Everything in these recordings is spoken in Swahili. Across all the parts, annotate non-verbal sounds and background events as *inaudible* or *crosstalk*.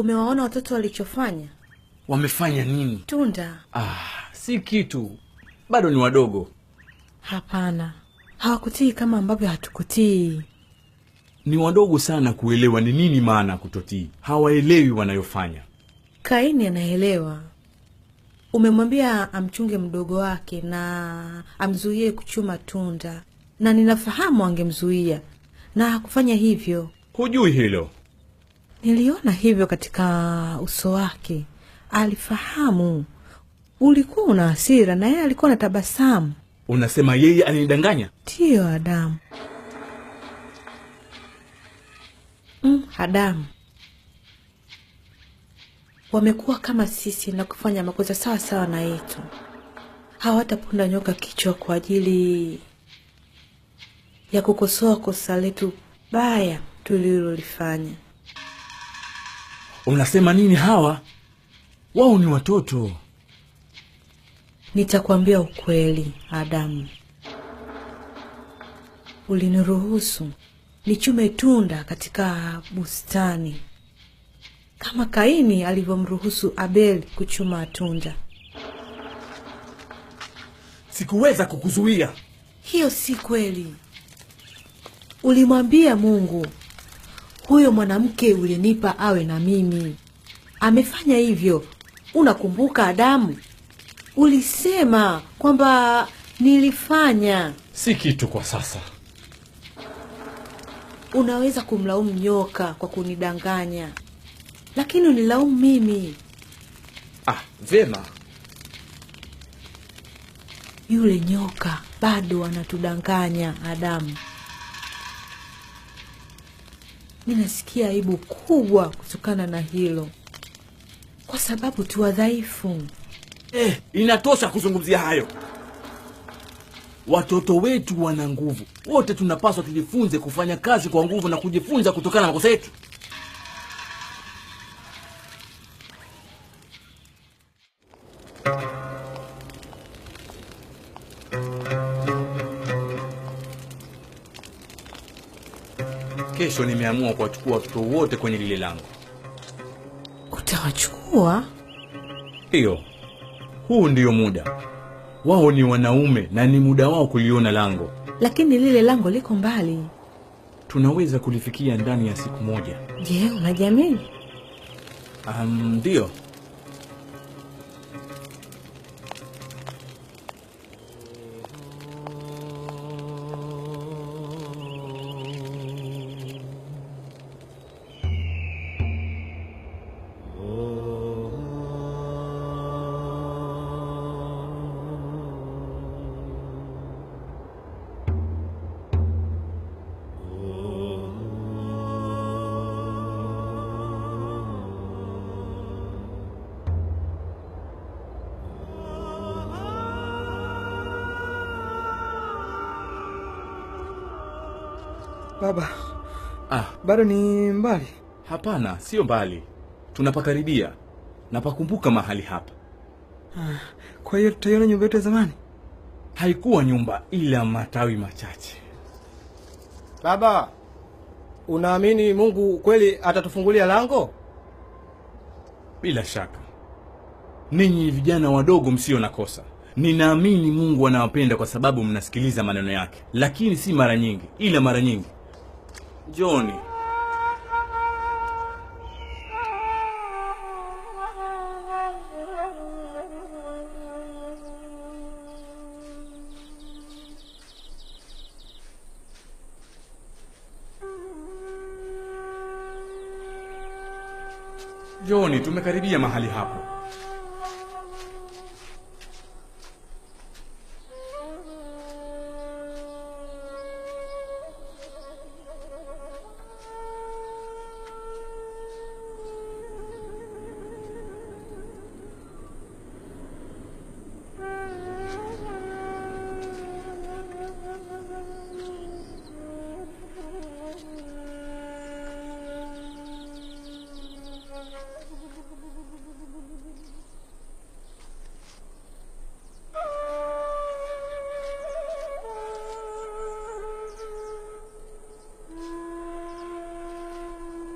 Umewaona watoto walichofanya? Wamefanya nini? Tunda. Ah, si kitu, bado ni wadogo. Hapana, hawakutii kama ambavyo hatukutii. Ni wadogo sana kuelewa ni nini maana ya kutotii. Hawaelewi wanayofanya. Kaini anaelewa. Umemwambia amchunge mdogo wake na amzuie kuchuma tunda, na ninafahamu angemzuia na hakufanya hivyo. Hujui hilo. Niliona hivyo katika uso wake, alifahamu ulikuwa una hasira na yeye alikuwa na tabasamu. Unasema yeye alinidanganya? Ndiyo Adamu. Mm, Adamu, wamekuwa kama sisi na kufanya makosa sawa sawa na yetu. hawatapunda nyoka kichwa kwa ajili ya kukosoa kosa letu baya tulilolifanya. Unasema nini hawa? Wao ni watoto. Nitakwambia ukweli, Adamu. Uliniruhusu nichume tunda katika bustani kama Kaini alivyomruhusu Abeli kuchuma tunda. Sikuweza kukuzuia. Hiyo si kweli. Ulimwambia Mungu huyo mwanamke ulinipa awe na mimi. Amefanya hivyo. Unakumbuka Adamu? Ulisema kwamba nilifanya. Si kitu kwa sasa. Unaweza kumlaumu nyoka kwa kunidanganya, lakini unilaumu mimi. Ah, vyema. Yule nyoka bado anatudanganya Adamu mi nasikia aibu kubwa kutokana na hilo, kwa sababu tu wadhaifu. Eh, inatosha kuzungumzia hayo. Watoto wetu wana nguvu, wote tunapaswa tujifunze kufanya kazi kwa nguvu na kujifunza kutokana na makosa yetu. kesho nimeamua kuwachukua watoto wote kwenye lile lango. Utawachukua? hiyo huu ndiyo muda wao. Ni wanaume na ni muda wao kuliona lango, lakini lile lango liko mbali. Tunaweza kulifikia ndani ya siku moja. Je, unajiamini? Ndiyo. Um, Baba ah, bado ni mbali? Hapana, sio mbali, tunapakaribia. Napakumbuka mahali hapa. Ah, kwa hiyo tutaiona nyumba yetu ya zamani? Haikuwa nyumba, ila matawi machache. Baba, unaamini Mungu kweli atatufungulia lango? Bila shaka. Ninyi vijana wadogo msio na kosa, ninaamini Mungu anawapenda kwa sababu mnasikiliza maneno yake, lakini si mara nyingi, ila mara nyingi Njooni. Njooni, tumekaribia mahali hapo.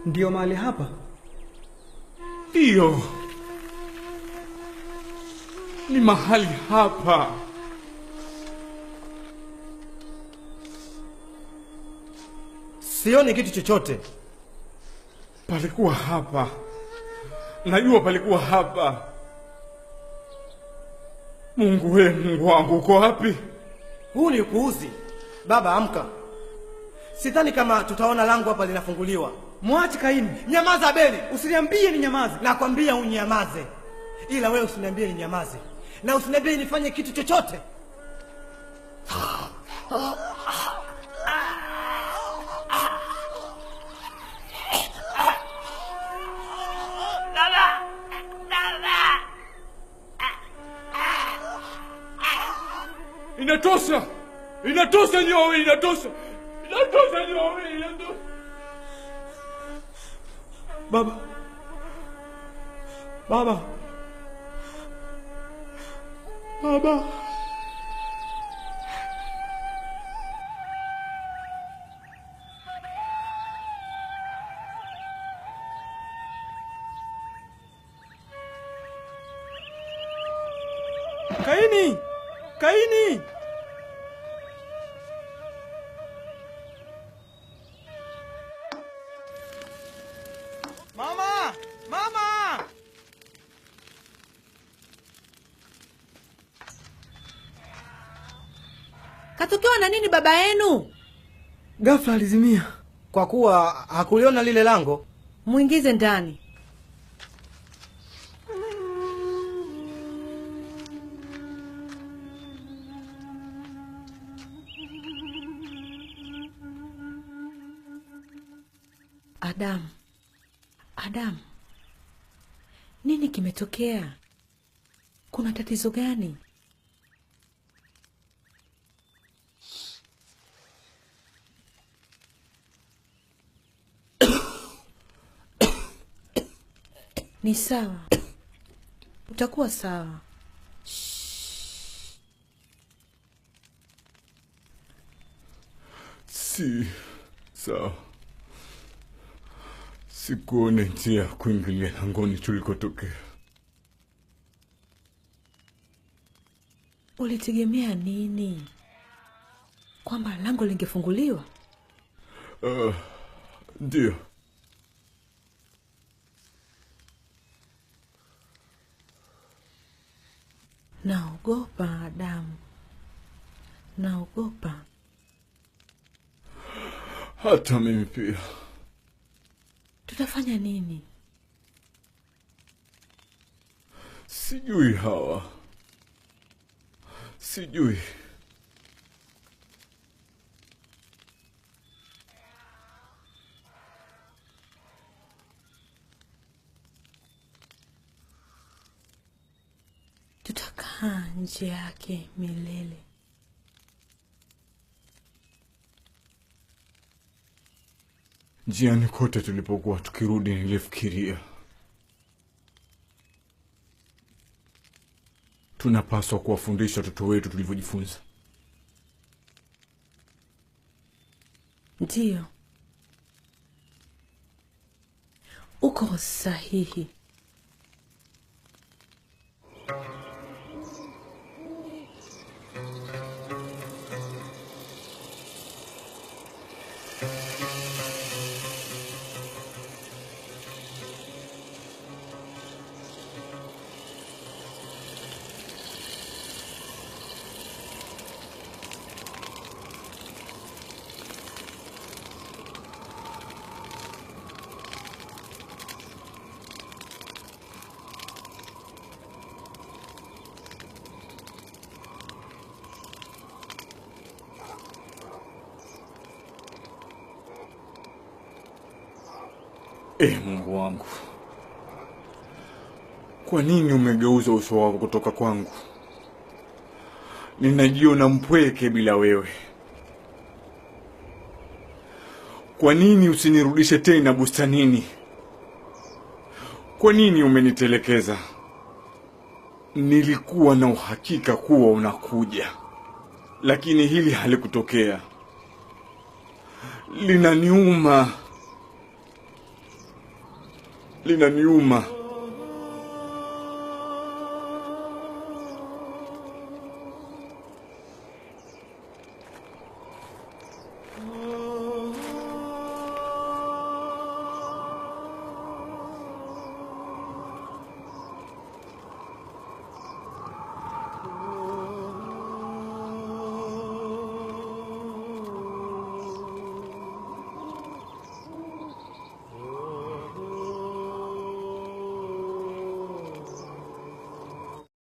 Ndiyo mahali hapa? Ndiyo, ni mahali hapa. Sioni kitu chochote. Palikuwa hapa, najua palikuwa hapa. Mungu we, Mungu wangu, uko wapi? Huu ni upuuzi baba. Amka, sidhani kama tutaona lango hapa linafunguliwa mwache Kaini. Nyamaza Abeli, usiniambie ni nyamaze. Nakwambia unyamaze, ila wewe usiniambie ni nyamaze na usiniambie nifanye kitu chochote. Inatosha, inatosha nyowe, inatosha, inatosha inatosha. 爸爸妈妈好吧给你给你 Katokewa na nini baba yenu? Ghafla alizimia kwa kuwa hakuliona lile lango. Mwingize ndani. Adamu, Adamu, nini kimetokea? Kuna tatizo gani? Ni sawa, *coughs* utakuwa sawa. Si sawa, sikuone njia ya kuingilia langoni tulikotokea. Ulitegemea nini? Kwamba lango lingefunguliwa? Ah, ndio Uh, Naogopa Adamu, naogopa. Hata mimi pia. Tutafanya nini? Sijui Hawa, sijui. utakaa nje yake milele. Njiani kote tulipokuwa tukirudi, nilifikiria tunapaswa kuwafundisha watoto wetu tulivyojifunza. Ndiyo, uko sahihi. Thank you. Ee Mungu wangu, kwa nini umegeuza uso wako kutoka kwangu? Ninajiona mpweke bila wewe. Kwa nini usinirudishe tena bustanini? Kwa nini umenitelekeza? Nilikuwa na uhakika kuwa unakuja, lakini hili halikutokea. Linaniuma linaniuma.